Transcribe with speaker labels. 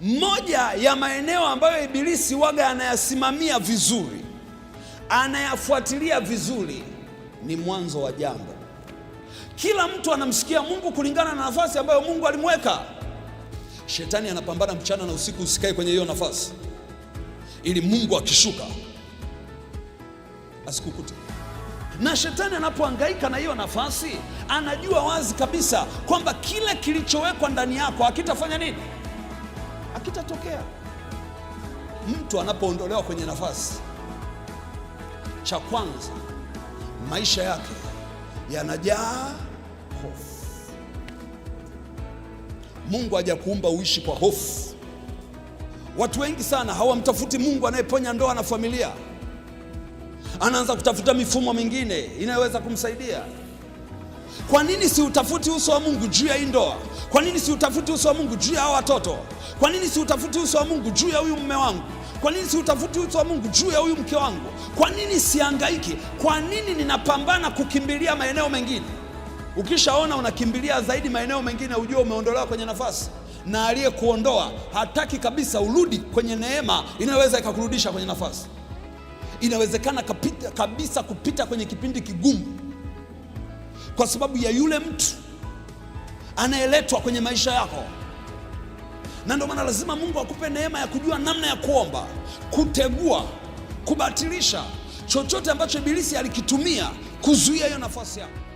Speaker 1: Moja ya maeneo ambayo Ibilisi waga anayasimamia vizuri, anayafuatilia vizuri ni mwanzo wa jambo. Kila mtu anamsikia Mungu kulingana na nafasi ambayo Mungu alimweka. Shetani anapambana mchana na usiku, usikae kwenye hiyo nafasi, ili Mungu akishuka asikukute. Na shetani anapohangaika na hiyo nafasi, anajua wazi kabisa kwamba kile kilichowekwa ndani yako hakitafanya nini akitatokea Mtu anapoondolewa kwenye nafasi, cha kwanza maisha yake yanajaa hofu. Mungu hajakuumba uishi kwa hofu. Watu wengi sana hawamtafuti Mungu anayeponya ndoa na familia, anaanza kutafuta mifumo mingine inayoweza kumsaidia. Kwa nini si utafuti uso wa Mungu juu ya hii ndoa? Kwa nini si utafuti uso wa Mungu juu ya watoto? Kwa nini si utafuti uso wa Mungu juu ya huyu mume wangu? Kwa nini si utafuti uso wa Mungu juu ya huyu mke wangu? Kwa nini siangaiki? Kwa nini ninapambana kukimbilia maeneo mengine? Ukishaona unakimbilia zaidi maeneo mengine, ujue umeondolewa kwenye nafasi, na aliyekuondoa hataki kabisa urudi kwenye neema inayoweza ikakurudisha kwenye nafasi. Inawezekana kapita, kabisa kupita kwenye kipindi kigumu kwa sababu ya yule mtu anayeletwa kwenye maisha yako. Na ndio maana lazima Mungu akupe neema ya kujua namna ya kuomba, kutegua, kubatilisha chochote ambacho Ibilisi alikitumia kuzuia hiyo nafasi yako.